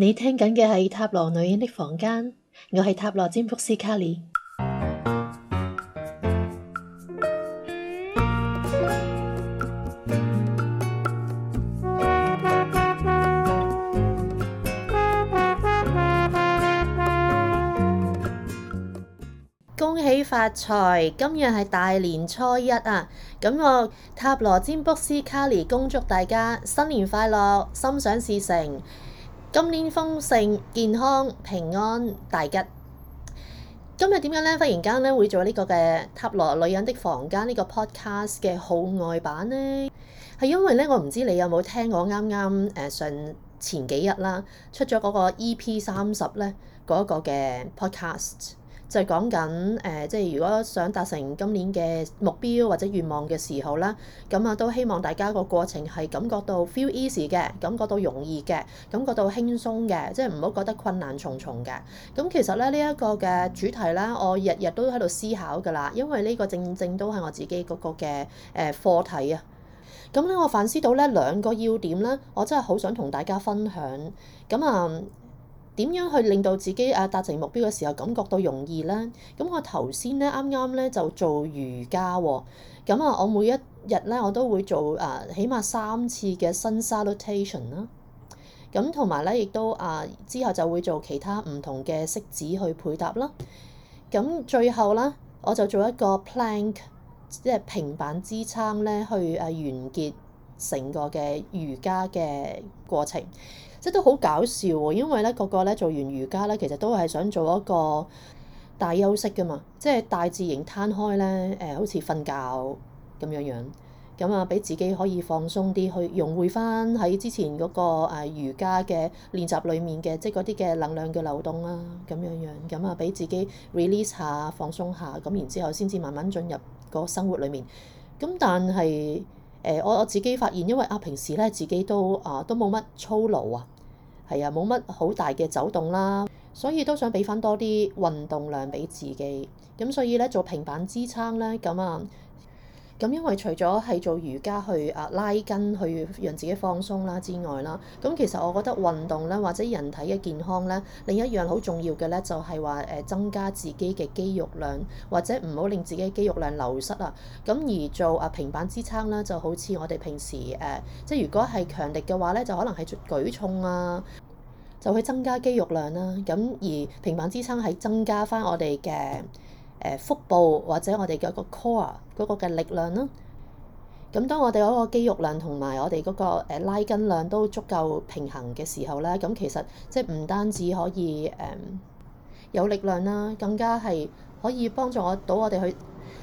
你聽緊嘅係塔羅女人的房間，我係塔羅占卜師卡莉。恭喜發財！今日係大年初一啊，咁我塔羅占卜師卡莉恭祝大家新年快樂，心想事成。今年豐盛、健康、平安、大吉。今日點解咧，忽然間咧會做呢個嘅《塔羅女人的房間》呢個 podcast 嘅號外版咧？係因為咧，我唔知你有冇聽我啱啱誒上前幾日啦，出咗嗰個 EP 三十咧嗰一個嘅 podcast。就係講緊誒，即係如果想達成今年嘅目標或者願望嘅時候啦，咁啊都希望大家個過程係感覺到 feel easy 嘅，感覺到容易嘅，感覺到輕鬆嘅，即係唔好覺得困難重重嘅。咁其實咧呢一個嘅主題啦，我日日都喺度思考㗎啦，因為呢個正正都係我自己嗰個嘅誒課題啊。咁咧我反思到呢兩個要點咧，我真係好想同大家分享。咁啊～點樣去令到自己啊達成目標嘅時候感覺到容易呢？咁我頭先咧啱啱呢，剛剛呢就做瑜伽喎。哦，咁啊我每一日呢，我都會做啊起碼三次嘅 sun salutation 啦，咁同埋呢，亦都啊之後就會做其他唔同嘅式子去配搭啦。咁、啊、最後呢，我就做一個 plank，即係平板支撐呢，去啊完結成個嘅瑜伽嘅過程。即都好搞笑，因為咧個個咧做完瑜伽咧，其實都係想做一個大休息噶嘛，即係大字型攤開咧，誒、呃、好似瞓覺咁樣樣，咁啊俾自己可以放鬆啲，去融匯翻喺之前嗰個瑜伽嘅練習裡面嘅，即係嗰啲嘅能量嘅流動啦、啊，咁樣、啊、樣、啊，咁啊俾自己 release 下，放鬆下，咁然之後先至慢慢進入個生活裡面，咁但係。誒我、呃、我自己發現，因為啊平時咧自己都啊都冇乜操勞啊，係啊冇乜好大嘅走動啦、啊，所以都想俾翻多啲運動量俾自己，咁、啊、所以咧做平板支撐咧咁啊。咁因為除咗係做瑜伽去啊拉筋去讓自己放鬆啦之外啦，咁其實我覺得運動咧或者人體嘅健康咧，另一樣好重要嘅咧就係話誒增加自己嘅肌肉量或者唔好令自己肌肉量流失啊。咁而做啊平板支撐啦，就好似我哋平時誒、呃，即係如果係強力嘅話咧，就可能係舉重啊，就去增加肌肉量啦、啊。咁而平板支撐係增加翻我哋嘅。呃、腹部或者我哋嘅個 core 嗰個嘅力量啦，咁當我哋嗰個肌肉量同埋我哋嗰個誒拉筋量都足夠平衡嘅時候咧，咁其實即係唔單止可以誒、嗯、有力量啦，更加係可以幫助我到我哋去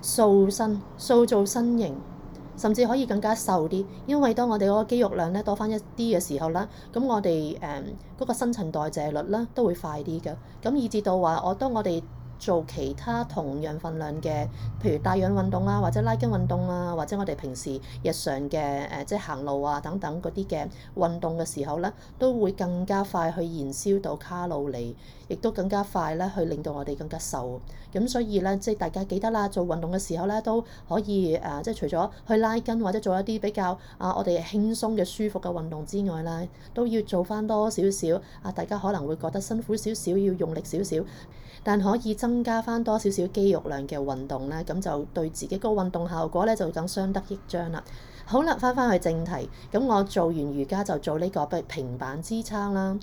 塑身、塑造身形，甚至可以更加瘦啲。因為當我哋嗰個肌肉量咧多翻一啲嘅時候啦，咁我哋誒嗰個新陳代謝率咧都會快啲嘅，咁以至到話我當我哋做其他同樣份量嘅，譬如帶氧運動啊，或者拉筋運動啊，或者我哋平時日常嘅誒、呃、即係行路啊等等嗰啲嘅運動嘅時候咧，都會更加快去燃燒到卡路里，亦都更加快咧去令到我哋更加瘦。咁所以咧，即係大家記得啦，做運動嘅時候咧，都可以誒、啊、即係除咗去拉筋或者做一啲比較啊，我哋輕鬆嘅舒服嘅運動之外啦，都要做翻多少少啊。大家可能會覺得辛苦少少，要用力少少，但可以增增加翻多少少肌肉量嘅運動呢，咁就對自己個運動效果呢，就更相得益彰啦。好啦，翻返去正題，咁我做完瑜伽就做呢個嘅平板支撐啦。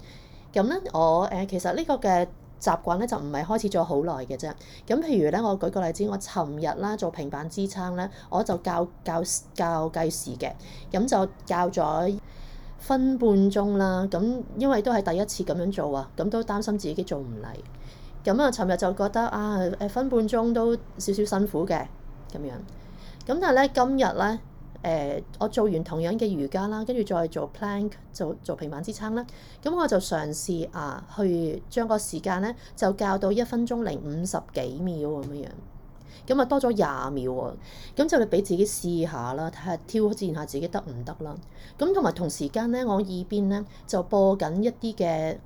咁呢，我誒其實呢個嘅習慣呢，就唔係開始咗好耐嘅啫。咁譬如呢，我舉個例子，我尋日啦做平板支撐呢，我就較較較計時嘅，咁就較咗分半鐘啦。咁因為都係第一次咁樣做啊，咁都擔心自己做唔嚟。咁啊！尋日、嗯、就覺得啊，誒分半鐘都少少辛苦嘅咁樣。咁但係咧，今日咧，誒、呃、我做完同樣嘅瑜伽啦，跟住再做 plank 做做平板支撐啦。咁、嗯、我就嘗試啊，去將個時間咧就較到一分鐘零五十幾秒咁樣。咁啊、嗯，多咗廿秒喎。咁、嗯、就你俾自己試下啦，睇下挑戰下自己得唔得啦。咁同埋同時間咧，我耳邊咧就播緊一啲嘅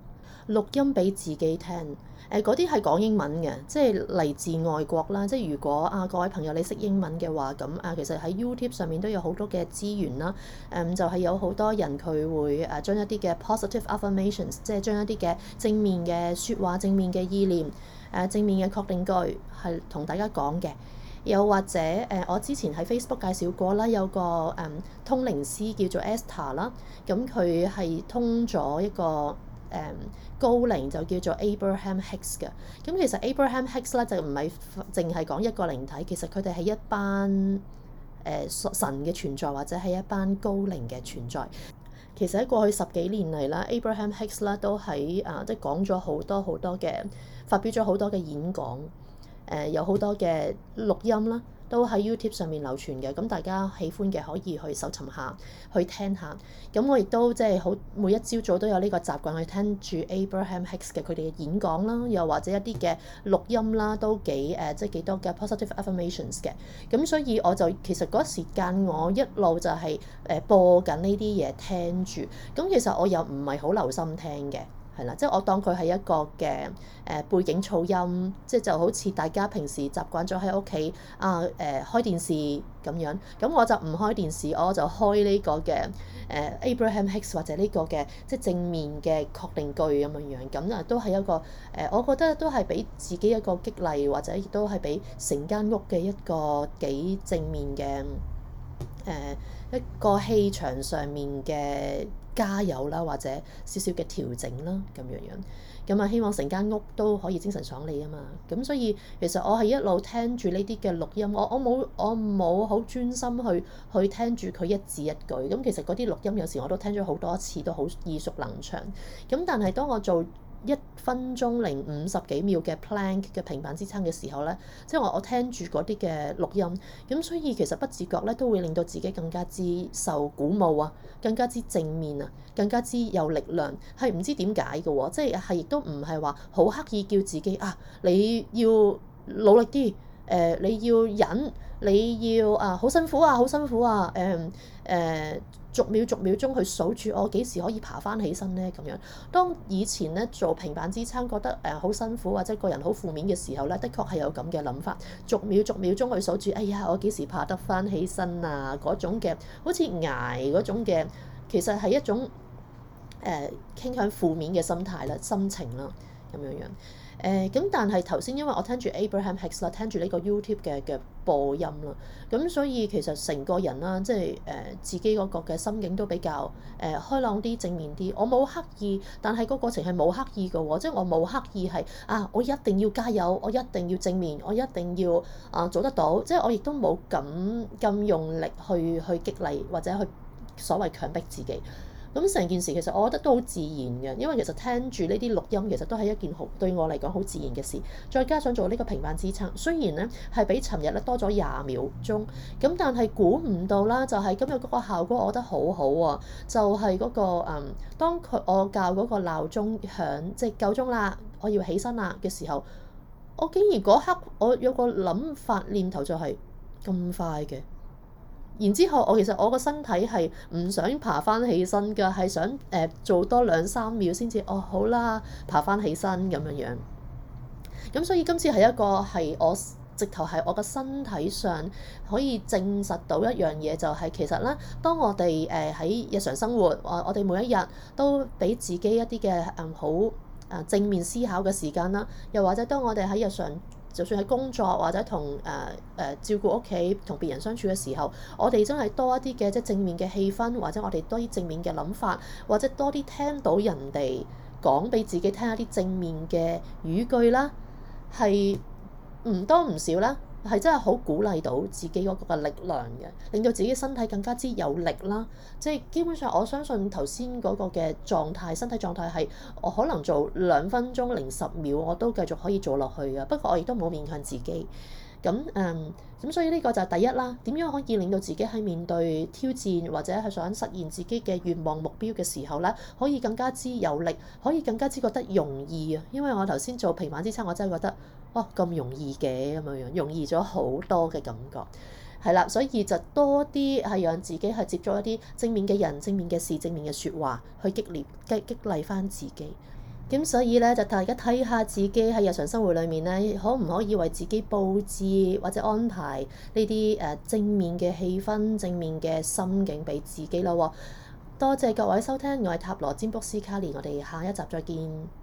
錄音俾自己聽。誒嗰啲係講英文嘅，即係嚟自外國啦。即係如果啊各位朋友你識英文嘅話，咁啊、啊其實喺 YouTube 上面都有好多嘅資源啦。誒、嗯、就係、是、有好多人佢會誒將一啲嘅 positive affirmations，即係將一啲嘅正面嘅説話、正面嘅意念、誒、啊、正面嘅確定句係同大家講嘅。又或者誒、啊，我之前喺 Facebook 介紹過啦，有個誒通靈師叫做 Esther 啦，咁佢係通咗一個。誒、um，高靈就叫做 Abraham Hicks 嘅，咁其實 Abraham Hicks 咧就唔係淨係講一個靈體，其實佢哋係一班誒、呃、神嘅存在，或者係一班高靈嘅存在。其實喺過去十幾年嚟啦，Abraham Hicks 啦都喺啊，即、就、係、是、講咗好多好多嘅，發表咗好多嘅演講，誒、呃、有好多嘅錄音啦。啊都喺 YouTube 上面流傳嘅，咁大家喜歡嘅可以去搜尋下，去聽下。咁我亦都即係好每一朝早都有呢個習慣去聽住 Abraham Hicks 嘅佢哋嘅演講啦，又或者一啲嘅錄音啦，都幾誒即係幾多嘅 positive affirmations 嘅。咁所以我就其實嗰時間我一路就係誒播緊呢啲嘢聽住。咁其實我又唔係好留心聽嘅。係啦，即係我當佢係一個嘅誒、呃、背景噪音，即係就好似大家平時習慣咗喺屋企啊誒、呃、開電視咁樣，咁我就唔開電視，我就開呢個嘅誒、呃、Abraham Hicks 或者呢個嘅即係正面嘅確定句咁樣樣，咁啊都係一個誒、呃，我覺得都係俾自己一個激勵，或者亦都係俾成間屋嘅一個幾正面嘅。誒一個氣場上面嘅加油啦，或者少少嘅調整啦，咁樣樣，咁啊希望成間屋都可以精神爽利啊嘛。咁所以其實我係一路聽住呢啲嘅錄音，我我冇我冇好專心去去聽住佢一字一句。咁其實嗰啲錄音有時我都聽咗好多次，都好耳熟能詳。咁但係當我做一分鐘零五十幾秒嘅 plank 嘅平板支撐嘅時候呢，即係我我聽住嗰啲嘅錄音，咁所以其實不自覺呢都會令到自己更加之受鼓舞啊，更加之正面啊，更加之有力量，係唔知點解嘅喎，即係係亦都唔係話好刻意叫自己啊，你要努力啲，誒、呃、你要忍，你要啊好辛苦啊好辛苦啊，誒誒、啊。呃呃逐秒逐秒鐘去數住，我幾時可以爬翻起身呢？咁樣，當以前咧做平板支撐覺得誒好辛苦或者個人好負面嘅時候咧，的確係有咁嘅諗法，逐秒逐秒鐘去數住，哎呀，我幾時爬得翻起身啊？嗰種嘅，好似捱嗰種嘅，其實係一種誒、呃、傾向負面嘅心態啦、心情啦，咁樣樣。誒咁，但係頭先因為我聽住 Abraham Hicks，聽住呢個 YouTube 嘅嘅播音啦，咁所以其實成個人啦，即係誒自己嗰個嘅心境都比較誒開朗啲、正面啲。我冇刻意，但係個過程係冇刻意嘅喎，即係我冇刻意係啊！我一定要加油，我一定要正面，我一定要啊做得到，即係我亦都冇咁咁用力去去激勵或者去所謂強迫自己。咁成件事其實我覺得都好自然嘅，因為其實聽住呢啲錄音其實都係一件好對我嚟講好自然嘅事。再加上做呢個平板支撐，雖然呢係比尋日呢多咗廿秒鐘，咁但係估唔到啦，就係今日嗰個效果我覺得好好喎。就係嗰個嗯，當佢我較嗰個鬧鐘響，即係夠鐘啦，我要起身啦嘅時候，我竟然嗰刻我有個諗法念頭就係咁快嘅。然之後我，我其實我個身體係唔想爬翻起身㗎，係想誒、呃、做多兩三秒先至哦，好啦，爬翻起身咁樣樣。咁所以今次係一個係我直頭係我個身體上可以證實到一樣嘢，就係、係、其實咧，當我哋誒喺日常生活，呃、我哋每一日都俾自己一啲嘅好啊正面思考嘅時間啦，又或者當我哋喺日常。就算係工作或者同誒誒照顧屋企、同別人相處嘅時候，我哋真係多一啲嘅即係正面嘅氣氛，或者我哋多啲正面嘅諗法，或者多啲聽到人哋講俾自己聽一啲正面嘅語句啦，係唔多唔少啦。係真係好鼓勵到自己嗰個嘅力量嘅，令到自己身體更加之有力啦。即係基本上，我相信頭先嗰個嘅狀態、身體狀態係我可能做兩分鐘零十秒，我都繼續可以做落去嘅。不過我亦都冇勉強自己。咁嗯，咁所以呢個就係第一啦。點樣可以令到自己喺面對挑戰或者係想實現自己嘅願望目標嘅時候呢，可以更加之有力，可以更加之覺得容易啊？因為我頭先做平板支撐，我真係覺得。哇，咁、哦、容易嘅咁樣樣，容易咗好多嘅感覺，係啦，所以就多啲係讓自己係接觸一啲正面嘅人、正面嘅事、正面嘅説話，去激勵激激勵翻自己。咁所以呢，就大家睇下自己喺日常生活裏面呢，可唔可以為自己佈置或者安排呢啲誒正面嘅氣氛、正面嘅心境俾自己啦喎。多謝各位收聽，我係塔羅占卜斯卡尼，我哋下一集再見。